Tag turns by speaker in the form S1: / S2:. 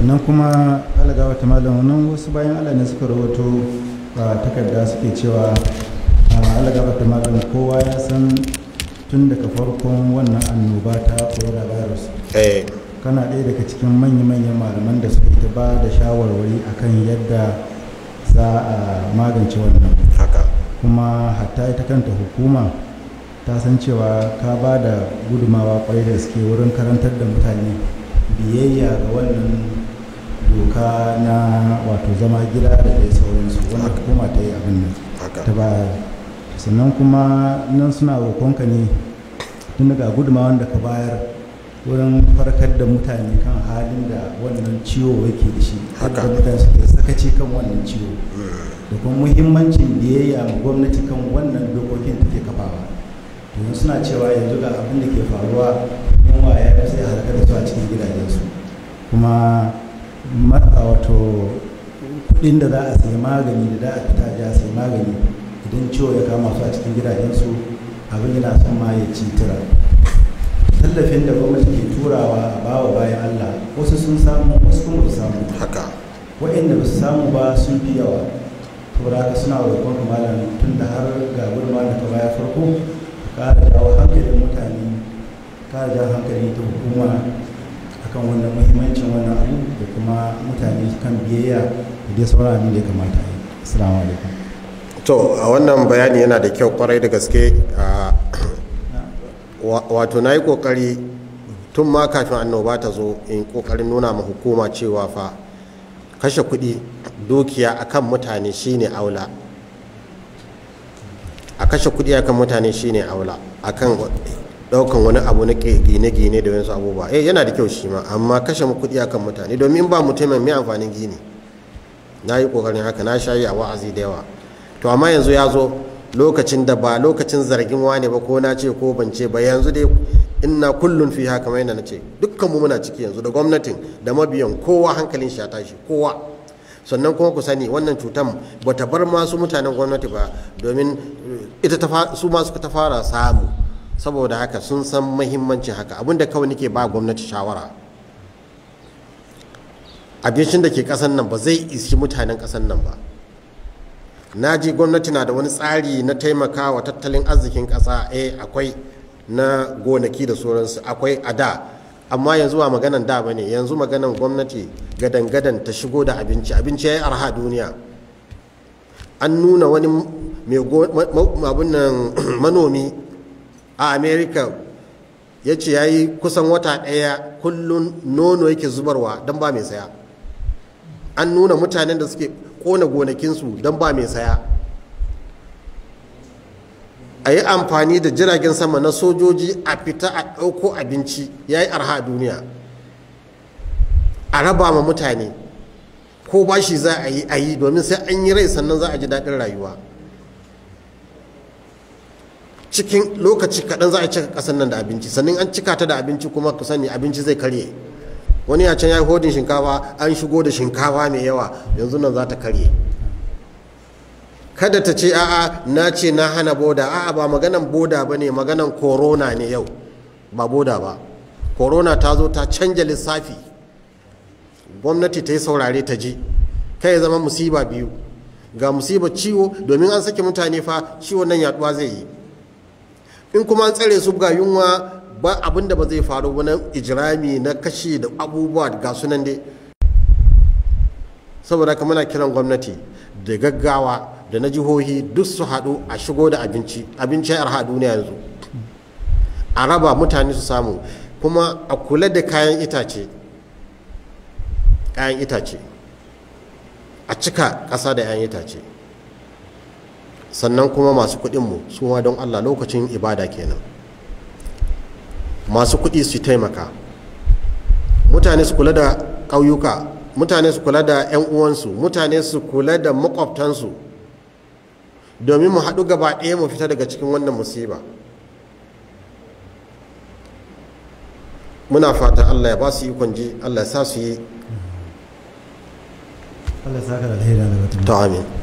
S1: sannan kuma alagawa ta malam wannan wasu bayan allah ne suka rawato a takarda suke cewa alagawa ta malam kowa ya san tun daga farkon wannan annoba ta virus eh. kana ɗaya daga cikin manya-manyan malaman da suka ta ba da shawarwari akan yadda za a magance wannan kuma hatta ita kanta hukuma ta san cewa ka ba da gudumawa kwarai da suke wurin karantar da mutane biyayya ga wannan doka na wato zama gida da dai sauransu wanda hukuma ta yi abin nan ta ba sannan kuma nan suna roƙonka ne tun daga guduma wanda ka bayar wurin farkar da mutane kan halin da wannan ciwo yake da shi haka mutane suke sakaci kan wannan ciwo da kuma muhimmancin biyayya a gwamnati kan wannan dokokin take kafawa domin suna cewa yanzu ga abin da ke faruwa yunwa ya sai halaka da su a cikin gidajensu kuma wato kudin da za a sayi magani da za a fita ji a sayi magani idan ciwo ya kama su a cikin gidajensu abin yana son ma ya ci tura tallafin da gwamnati ke turawa a bawa bayan allah wasu sun samu wasu kuma su samu haka wa'inda ba su samu ba sun fi yawa Tura haka suna roƙon malam tun da har ga gudunma da ta ya farko ƙara jawo hankalin mutane ƙara jawo hankali ta hukuma kan wannan muhimmancin wannan abu da kuma mutane kan biyayya da dai sauran abin da ya kamata yi assalamu alaikum
S2: to a wannan bayani yana da kyau kwarai da gaske wato na yi kokari tun ma kafin annoba ta zo in kokarin nuna ma hukuma cewa fa kashe kuɗi dukiya akan mutane shine aula a kashe kuɗi akan mutane shine aula akan daukan wani abu na gine-gine da wasu abubuwa eh yana da kyau shi ma amma kashe mu kuɗi akan mutane domin ba taimaka mai amfanin gini na yi kokarin haka na shayi a wa'azi da yawa to amma yanzu ya zo lokacin da ba lokacin zargin wane ba ko na ce ko ban ce ba yanzu dai na kullum fi haka mai na ce dukkanmu muna ciki yanzu da gwamnatin da mabiyan kowa hankalin shi ya tashi kowa sannan kuma ku sani wannan cutan bata bar masu mutanen gwamnati ba domin eh, ita su ma ta fara samu saboda haka sun san mahimmanci haka abinda kawai nake ba gwamnati shawara abincin da ke kasan nan ba zai iski mutanen kasan nan ba na ji gwamnati na da wani tsari na taimaka wa tattalin arzikin kasa eh akwai na gonaki da sauransu akwai a da amma yanzu ba maganan da ba ne yanzu maganan gwamnati gadan-gadan ta shigo da abinci abinci ya yi arha duniya an nuna wani manomi a america ya ce ya yi kusan wata ɗaya kullum nono yake zubarwa don ba mai saya an nuna mutanen da suke kona gonakinsu don ba mai saya a yi amfani da jiragen sama na sojoji a fita a ɗauko abinci ya yi arha a duniya a raba ma mutane ko bashi za a yi a yi domin sai an yi rai sannan za a ji daɗin rayuwa cikin lokaci kaɗan za a cika ƙasar nan da abinci sannan an cika ta da abinci kuma ku sani abinci zai karye wani ya can ya yi hodin shinkafa an shigo da shinkafa mai yawa yanzu nan za ta karye kada ta ce a'a na ce na hana boda a'a ba maganan boda ba ne maganan korona ne yau ba boda ba korona ta zo ta canja lissafi gwamnati ta yi saurare ta ji kai zama musiba biyu ga musiba ciwo domin an sake mutane fa ciwon nan yaduwa zai yi in kuma an tsare su ga yunwa ba abin da ba zai faru wani ijirami na kashe da abubuwa ga sunan dai saboda kamar muna kiran gwamnati da gaggawa da na jihohi duk su haɗu a shigo da abinci abinci arha haɗu duniya yanzu a raba mutane su samu kuma a kula da kayan itace kayan itace a cika ƙasa da 'yan itace sannan kuma masu kuɗinmu su ma don allah lokacin ibada kenan masu kuɗi su taimaka mutane su kula da ƙauyuka mutane su kula da 'yan uwansu mutane su kula da makwabtansu domin mu haɗu gaba ɗaya mu fita daga cikin wannan musiba muna fatan allah ya ba su ikon ji allah ya sa su yi allah ya sa ka da alheri